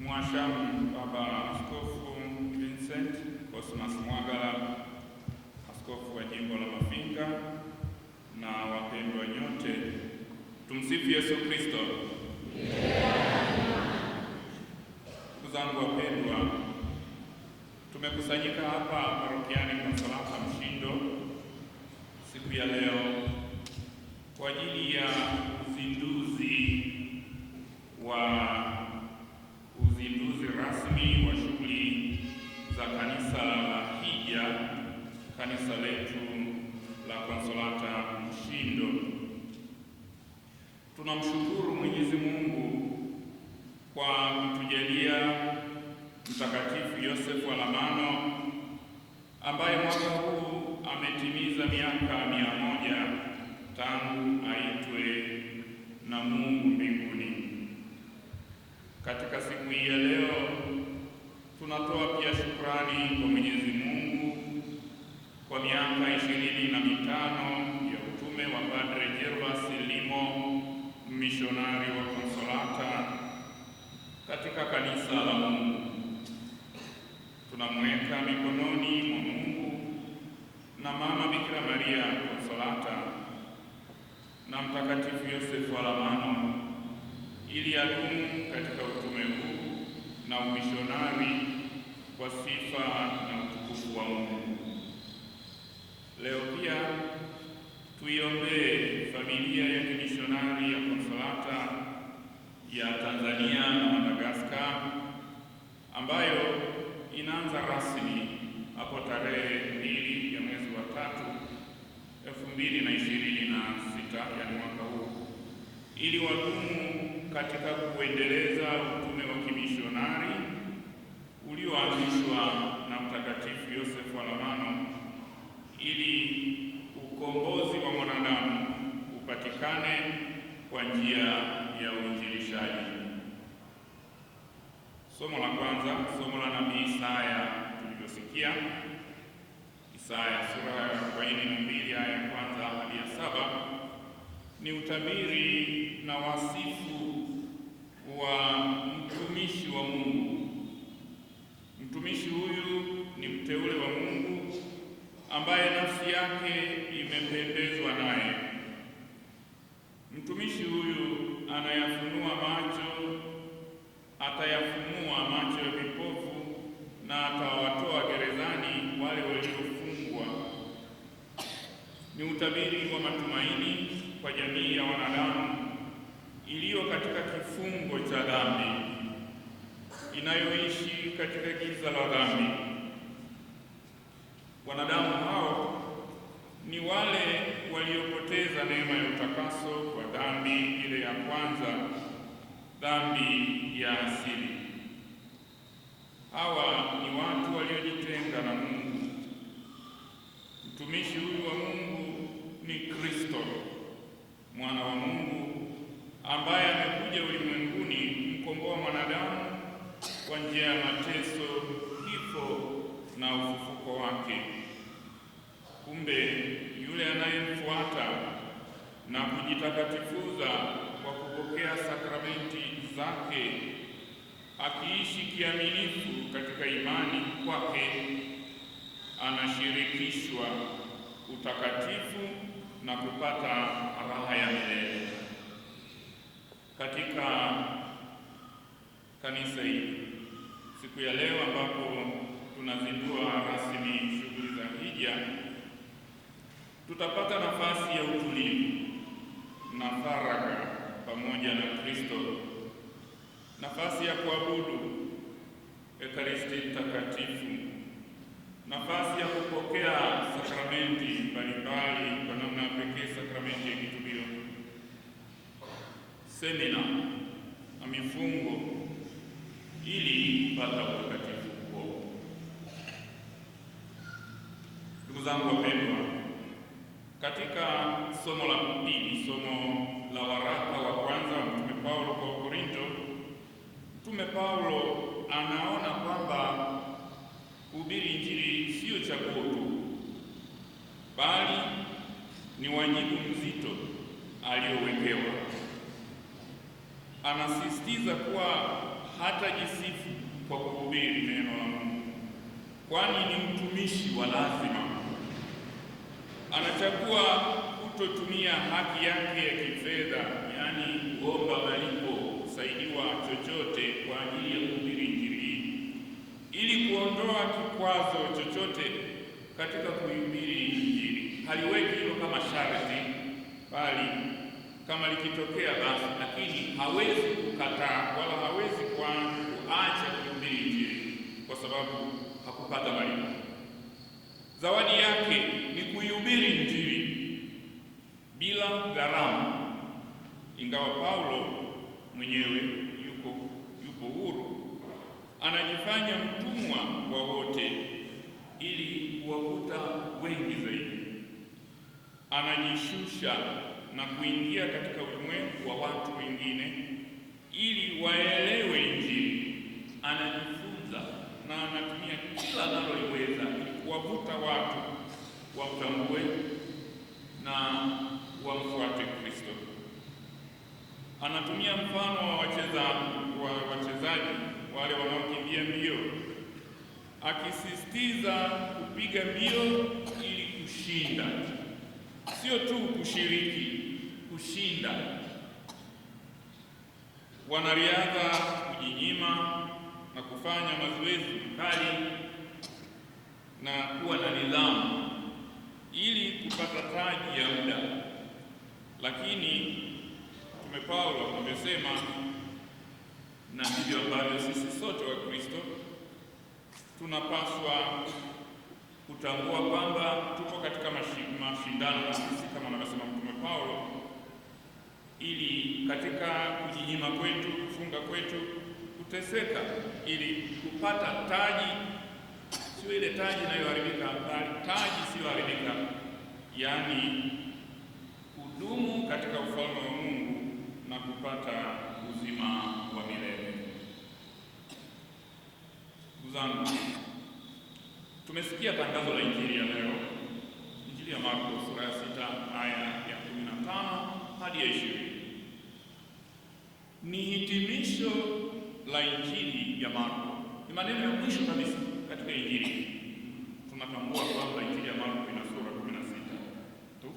mwashamu Baba Askofu Vincent Cosmas Mwagala, askofu wa jimbo la Mafinga na wapendwa nyote, tumsifu Yesu Kristo. Ndugu zangu wapendwa, tumekusanyika hapa parokiani kwa Msalaba Mshindo siku ya leo kwa ajili ya uzinduzi wa usimamizi wa shughuli za kanisa la Hija, kanisa letu la Konsolata Mshindo. Tunamshukuru Mwenyezi Mungu kwa kutujalia Mtakatifu Yosefu lamano ambaye mwaka huu ametimiza miaka mia moja tangu aitwe na Mungu mbinguni. Katika siku hii ya leo tunatoa pia shukrani kwa Mwenyezi Mungu kwa miaka ishirini na mitano ya utume wa Padre Gervas Limo mishonari wa Konsolata katika kanisa la Mungu. Tunamweka mikononi mwa Mungu na Mama Bikira Maria Konsolata na Mtakatifu Yosefu Alamano ili adumu katika utume huu na umishonari kwa sifa na utukufu wa Mungu. Leo pia tuiombee familia ya kimisionari ya Konsolata ya Tanzania na Madagaskar ambayo inaanza rasmi hapo tarehe mbili ya mwezi wa tatu elfu mbili na ishirini na sita yani mwaka huu, ili wadumu katika kuendeleza utume wa kimishonari ulioanzishwa na Mtakatifu Yosefu wa Romano ili ukombozi wa mwanadamu upatikane kwa njia ya uinjilishaji. Somo la kwanza, somo la nabii Isaya tulivyosikia, Isaya sura ya arobaini na mbili aya ya kwanza hadi ya saba ni utabiri na wasifu wa mtumishi wa Mungu Mtumishi huyu ni mteule wa Mungu ambaye nafsi yake imependezwa naye. Mtumishi huyu anayafunua macho, atayafunua macho ya vipofu na atawatoa gerezani wale waliofungwa. Ni utabiri wa matumaini kwa jamii ya wanadamu iliyo katika kifungo cha dhambi inayo katika giza la dhambi. Wanadamu hao ni wale waliopoteza neema ya utakaso kwa dhambi ile ya kwanza, dhambi ya asili. Hawa ni watu waliojitenga na Mungu. Mtumishi huyu wa Mungu ni Kristo, mwana wa Mungu ambaye amekuja ulimwengu kwa njia ya mateso, kifo na ufufuko wake. Kumbe yule anayemfuata na kujitakatifuza kwa kupokea sakramenti zake, akiishi kiaminifu katika imani kwake, anashirikishwa utakatifu na kupata raha ya milele katika kanisa hili siku ya leo ambapo tunazindua rasmi shughuli za hija, tutapata nafasi ya utulivu na faragha pamoja na Kristo, nafasi ya kuabudu Ekaristi Takatifu, nafasi ya kupokea sakramenti mbalimbali, kwa namna ya pekee sakramenti ya kitubio, semina na mifungo ili kupata utakatifu huo. Ndugu zangu wapendwa, katika somo la pili, somo la waraka wa kwanza wa Mtume Paulo kwa Korinto, Mtume Paulo anaona kwamba kuhubiri Injili siyo chaguo tu, bali ni wajibu mzito aliyowekewa Anasisitiza kuwa hata jisifu kwa kuhubiri neno la Mungu, kwani ni mtumishi wa lazima. Anachagua kutotumia haki yake ya kifedha, yaani kuomba malipo, kusaidiwa chochote kwa ajili ya kuhubiri Injili, ili kuondoa kikwazo chochote katika kuhubiri Injili. Haliweki hilo kama sharti, bali kama likitokea basi, lakini hawezi kukataa wala hawezi kuacha kuhubiri Injili kwa sababu hakupata malipo. Zawadi yake ni kuihubiri Injili bila gharama, ingawa Paulo mwenyewe yuko yupo huru, anajifanya mtumwa wa wote ili kuwavuta wengi zaidi. Anajishusha na kuingia katika ulimwengu wa watu wengine ili waelewe Injili. Anajifunza na anatumia kila analoliweza ili kuwavuta watu wamtambue na wamfuate Kristo. Anatumia mfano wa wachezaji wa wachezaji wale wanaokimbia mbio, akisisitiza kupiga mbio ili kushinda, sio tu kushiriki, kushinda wanariadha kujinyima na kufanya mazoezi mkali na kuwa na nidhamu ili kupata taji ya muda, lakini Mtume Paulo amesema, na hivyo ambavyo sisi sote wa Kristo tunapaswa kutambua kwamba tuko katika mashindano, na sisi kama anavyosema Mtume Paulo ili katika kujinyima kwetu, kufunga kwetu, kuteseka ili kupata taji, sio ile taji inayoharibika, bali taji siyoharibika, yaani kudumu katika ufalme wa Mungu na kupata uzima wa milele. Ndugu zangu, tumesikia tangazo la injili ya leo, injili ya Marko sura ya 6 aya ya 15 hadi ya 20 ni hitimisho la injili ya Marko, ni maneno ya mwisho kabisa katika injili. Tunatambua kwamba injili ya Marko ina sura kumi na sita tu,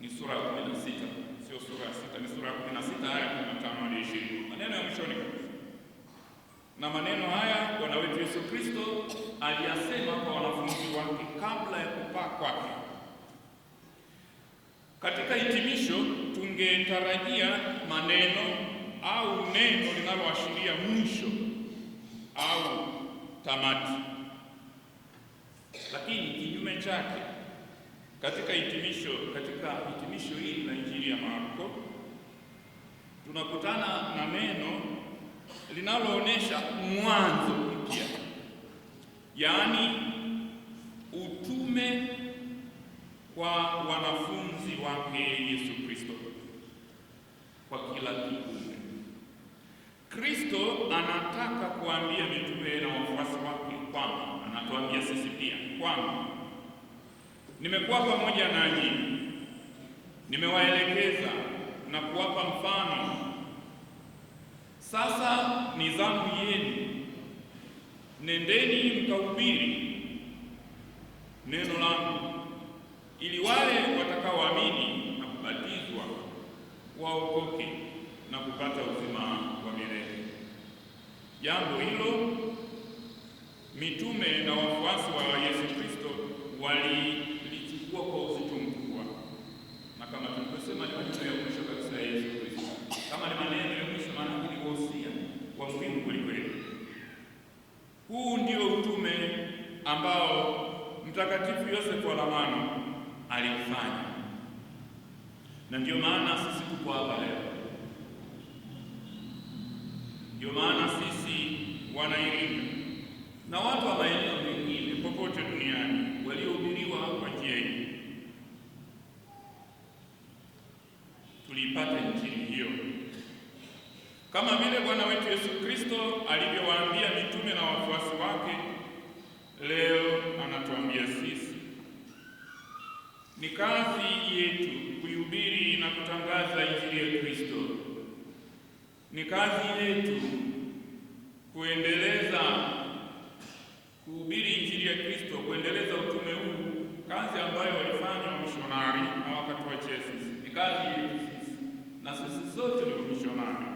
ni sura ya kumi na sita sio sura ya sita, ni sura ya kumi na sita aya kumi na tano hadi maneno ya mwishoni kabisa. Na maneno haya Bwana wetu Yesu Kristo aliyasema kwa wanafunzi wake kabla ya kupaa kwake katika hitimisho tungetarajia maneno au neno linaloashiria mwisho au tamati, lakini kinyume chake katika hitimisho katika hitimisho hili la Injili ya Marko tunakutana na neno linaloonyesha mwanzo mpya, yaani utume kwa wanafunzi wake kwa kila kiumbe. Kristo anataka kuambia mitume na wafuasi wake kwamba, anatuambia sisi pia kwamba nimekuwa pamoja nanyi, nimewaelekeza na kuwapa mfano. Sasa ni zamu yenu, nendeni mkahubiri neno langu, ili wale watakaoamini waokoke na kupata uzima wa milele. Jambo hilo mitume na wafuasi wa Yesu Kristo walilichukua kwa uzito mkubwa, na kama tulivyosema, ni maneno ya mwisho kabisa ya Yesu Kristo. Kama ni maneno ya mwisho, maana ni wosia wa muhimu kwelikweli. Huu ndio utume ambao Mtakatifu Yosefu wa Lamano alifanya na ndio maana sisi tuko hapa leo, Ndio maana sisi Wanairinga na watu wa maeneo mengine popote duniani waliohubiriwa kwa njia hii, tuliipata injili hiyo kama vile Bwana wetu Yesu Kristo alivyowaambia mitume na wafuasi wake. Leo anatuambia sisi, ni kazi yetu kutangaza Injili ya Kristo. Ni kazi yetu kuendeleza kuhubiri Injili ya Kristo, kuendeleza utume huu, kazi ambayo walifanya wamishonari na wakati wa Jesus. Ni kazi yetu sisi, na sisi sote ni wamishonari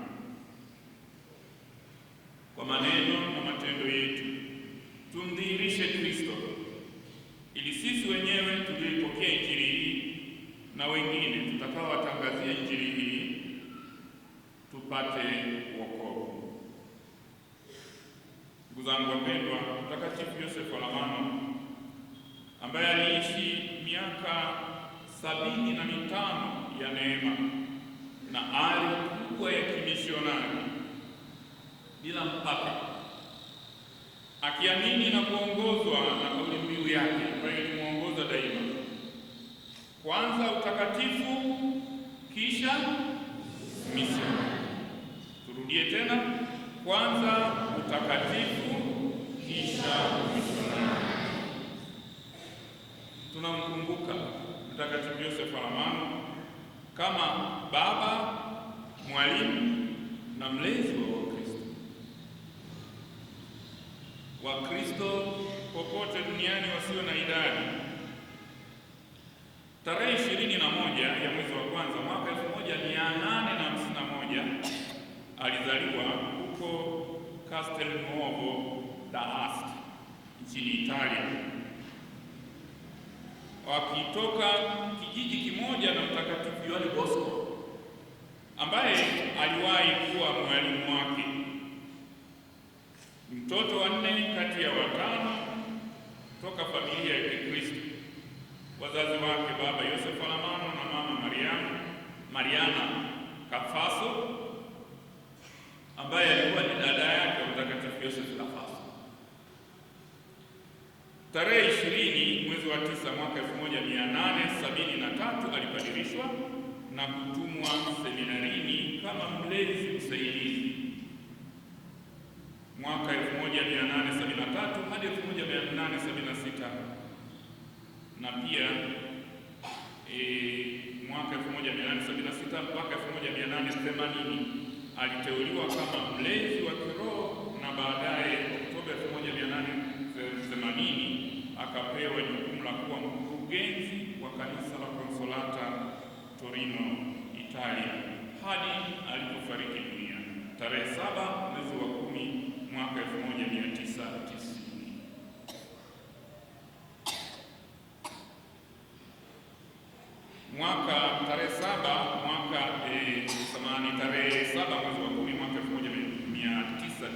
kwa maneno na matendo yetu, tumdhihirishe Kristo ili sisi wenyewe tuliipokea Injili hii na wengine tupate wokovu. Ndugu zangu wapendwa, Mtakatifu Yosefu Alamano ambaye aliishi miaka sabini na mitano ya neema na ari kubwa ya kimisionari bila mpaka, akiamini na kuongozwa na kauli mbiu yake ambayo ilimwongoza daima: kwanza utakatifu, kisha misioni. Ndiye tena kwanza utakatifu, kisha umisionari. Tunamkumbuka Mtakatifu Yosefu Alamano kama baba, mwalimu na mlezi wa Wakristo. Wakristo popote duniani wasio na idadi, tarehe ishirini na moja ya mwezi wa kwanza mwaka elfu moja mia nane na hamsini na moja Alizaliwa huko Castelnuovo d'Asti nchini Italia, wakitoka kijiji kimoja na Mtakatifu Yohane Bosco ambaye aliwahi kuwa mwalimu wake. Mtoto wa nne kati ya watano kutoka familia ya Kikristo. Wazazi wake baba Yosefu Alamano na mama Mariana Mariana Tarehe ishirini mwezi wa tisa mwaka 1873 alipadirishwa na kutumwa seminarini kama mlezi msaidizi mwaka 1873 hadi 1876 na pia e, mwaka 1876 mpaka 1880 aliteuliwa kama mlezi wa kiroho na baadaye akapewa jukumu la kuwa mkurugenzi wa kanisa la Consolata Torino, Italia hadi alipofariki dunia tarehe 7 mwezi wa 10 mwaka 1990. mwaka tarehe saba mwaka eh, samani e, tarehe saba mwezi wa kumi mwaka elfu moja mia tisa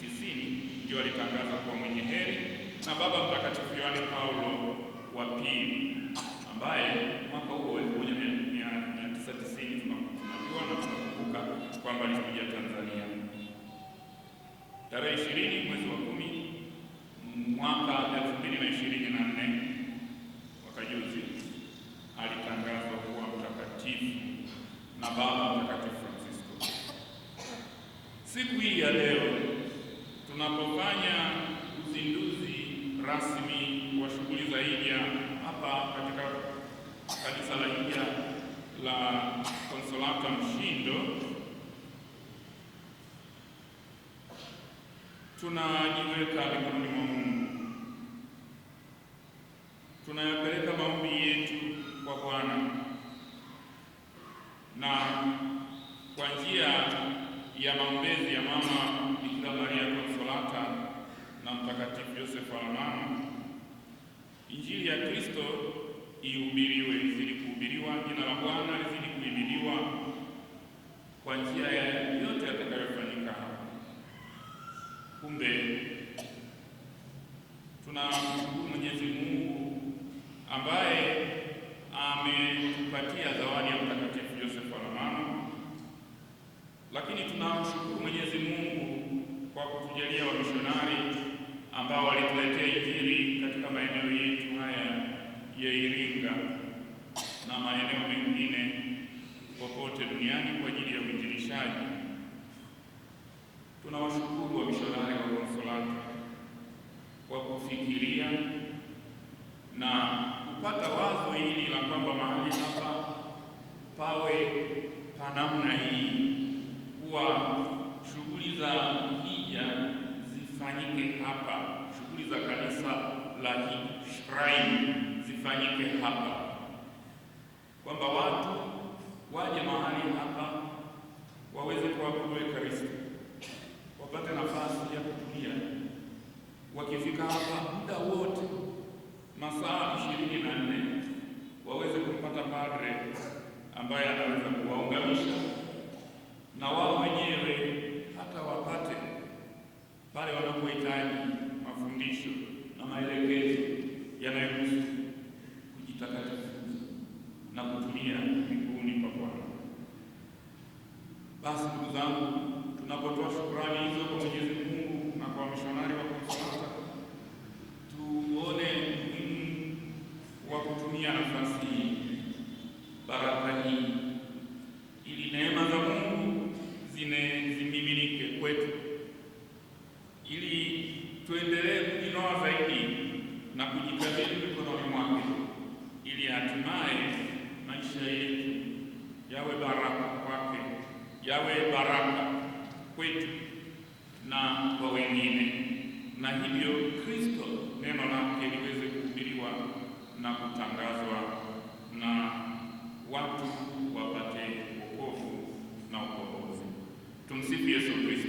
tisini ndio alitangaza kuwa mwenye heri na Baba Mtakatifu Yohane Paulo wa pili ambaye mwaka huo mia 1990 tunajua na tunakumbuka kwamba alikuja Tanzania tarehe ishirini mwezi wa kumi mwaka na 2shir 2024 mwaka juzi alitangazwa kuwa mtakatifu na Baba Mtakatifu Francisco. Siku hii ya leo tunapofanya uzinduzi rasmi wa shughuli za hija hapa katika kanisa la hija la Konsolata Mshindo. Tunajiweka mikononi mwa Mungu, tunayapeleka maombi yetu kwa Bwana na kwa njia ya maombezi ya mama na Mtakatifu Yosefu Alamana, Injili ya Kristo ihubiriwe, izidi kuhubiriwa, jina la Bwana lizidi kuhimiliwa kwa njia ya yote yatakayofanyika. Kumbe tunamshukuru Mwenyezi Mungu ambaye ametupatia zawadi ya Mtakatifu Yosefu Alamana, lakini tunamshukuru Mwenyezi Mungu kwa kutujalia wamishonari ambao walituletea Injili katika maeneo yetu haya ya Iringa na maeneo mengine popote duniani kwa ajili ya uinjilishaji. Tunawashukuru wamishonari wa Konsolata kwa kufikiria na kupata wazo hili la kwamba mahali hapa pawe pa namna hii kuwa shughuli za zifanyike hapa, shughuli za kanisa la shrine zifanyike hapa, kwamba watu waje mahali hapa waweze kuabudu Ekaristi, wapate nafasi ya kutulia. Wakifika hapa muda wote masaa ishirini na nne waweze kumpata padre ambaye anaweza kuwaunganisha na wao wenyewe hata wapate tuendelee kujinoa zaidi na kujitahidi mikononi mwake ili hatimaye maisha yetu yawe baraka kwake, yawe baraka kwetu na kwa wengine, na hivyo Kristo neno lake liweze kuhubiriwa na kutangazwa na watu wapate wokovu na ukombozi. Tumsifu Yesu Kristo.